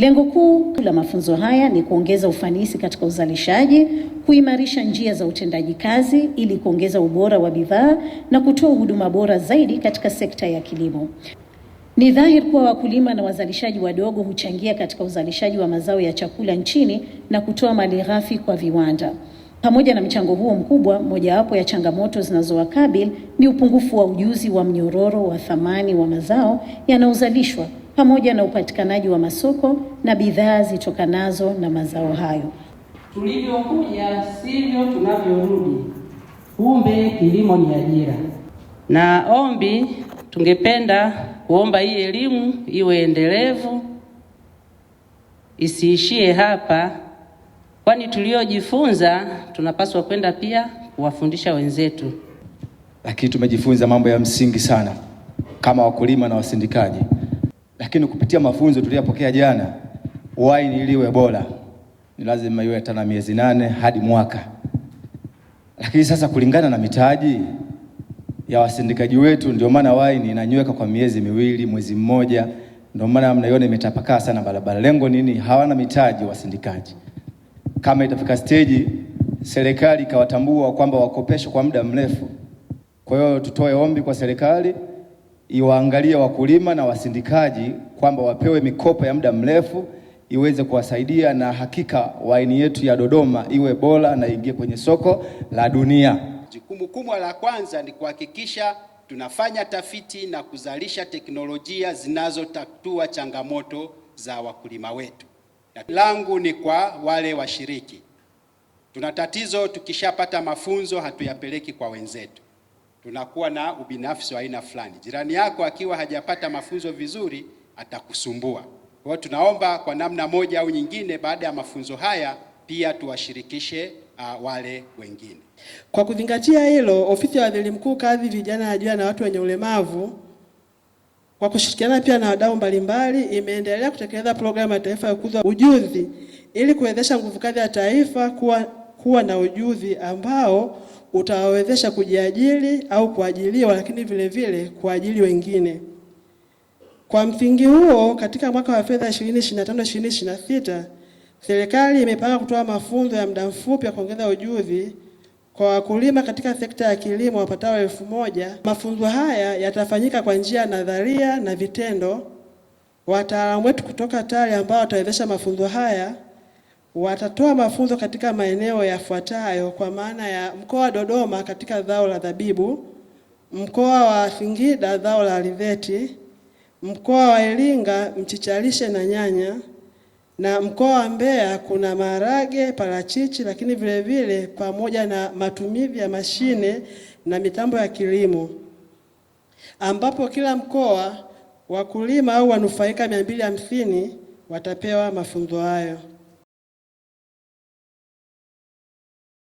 Lengo kuu la mafunzo haya ni kuongeza ufanisi katika uzalishaji, kuimarisha njia za utendaji kazi ili kuongeza ubora wa bidhaa na kutoa huduma bora zaidi katika sekta ya kilimo. Ni dhahiri kuwa wakulima na wazalishaji wadogo huchangia katika uzalishaji wa mazao ya chakula nchini na kutoa malighafi kwa viwanda. Pamoja na mchango huo mkubwa, mojawapo ya changamoto zinazowakabili ni upungufu wa ujuzi wa mnyororo wa thamani wa mazao yanayozalishwa pamoja na upatikanaji wa masoko na bidhaa zitokanazo na mazao hayo. Tulivyokuja sivyo tunavyorudi. Kumbe kilimo ni ajira, na ombi, tungependa kuomba hii elimu iwe endelevu, isiishie hapa, kwani tuliojifunza tunapaswa kwenda pia kuwafundisha wenzetu. Lakini tumejifunza mambo ya msingi sana kama wakulima na wasindikaji lakini kupitia mafunzo tuliyopokea jana, waini iliwe bora ni lazima iwe tana miezi nane hadi mwaka. Lakini sasa kulingana na mitaji ya wasindikaji wetu, ndio maana waini inanyweka kwa miezi miwili, mwezi mmoja, ndio maana mnaiona imetapakaa sana barabara. Lengo nini? Hawana mitaji wasindikaji. Kama itafika steji serikali ikawatambua kwamba wakopeshwe kwa muda mrefu, kwa hiyo tutoe ombi kwa serikali iwaangalie wakulima na wasindikaji kwamba wapewe mikopo ya muda mrefu iweze kuwasaidia, na hakika waini yetu ya Dodoma iwe bora na ingie kwenye soko la dunia. Jukumu kubwa la kwanza ni kuhakikisha tunafanya tafiti na kuzalisha teknolojia zinazotatua changamoto za wakulima wetu. Langu ni kwa wale washiriki, tuna tatizo, tukishapata mafunzo hatuyapeleki kwa wenzetu tunakuwa na ubinafsi wa aina fulani. Jirani yako akiwa hajapata mafunzo vizuri atakusumbua. Kwa hiyo tunaomba kwa namna moja au nyingine, baada ya mafunzo haya pia tuwashirikishe uh, wale wengine. Kwa kuzingatia hilo, ofisi ya Waziri Mkuu, Kazi, Vijana, Ajira na Watu wenye Ulemavu kwa kushirikiana pia na wadau mbalimbali imeendelea kutekeleza programu ya taifa ya kukuza ujuzi ili kuwezesha nguvu kazi ya taifa kuwa kuwa na ujuzi ambao utawawezesha kujiajiri au kuajiliwa lakini vile vile kuajiri wengine. Kwa msingi huo, katika mwaka wa fedha 2025 2026 serikali imepanga kutoa mafunzo ya muda mfupi ya kuongeza ujuzi kwa wakulima katika sekta ya kilimo wapatao elfu moja. Mafunzo haya yatafanyika kwa njia ya nadharia na vitendo. Wataalamu wetu kutoka TARI ambao watawezesha mafunzo haya watatoa mafunzo katika maeneo yafuatayo kwa maana ya mkoa wa Dodoma katika zao la zabibu, mkoa wa Singida zao la alizeti, mkoa wa Iringa mchichalishe na nyanya, na mkoa wa Mbeya kuna maharage, parachichi, lakini vile vile pamoja na matumizi ya mashine na mitambo ya kilimo, ambapo kila mkoa wakulima au wanufaika mia mbili hamsini watapewa mafunzo hayo.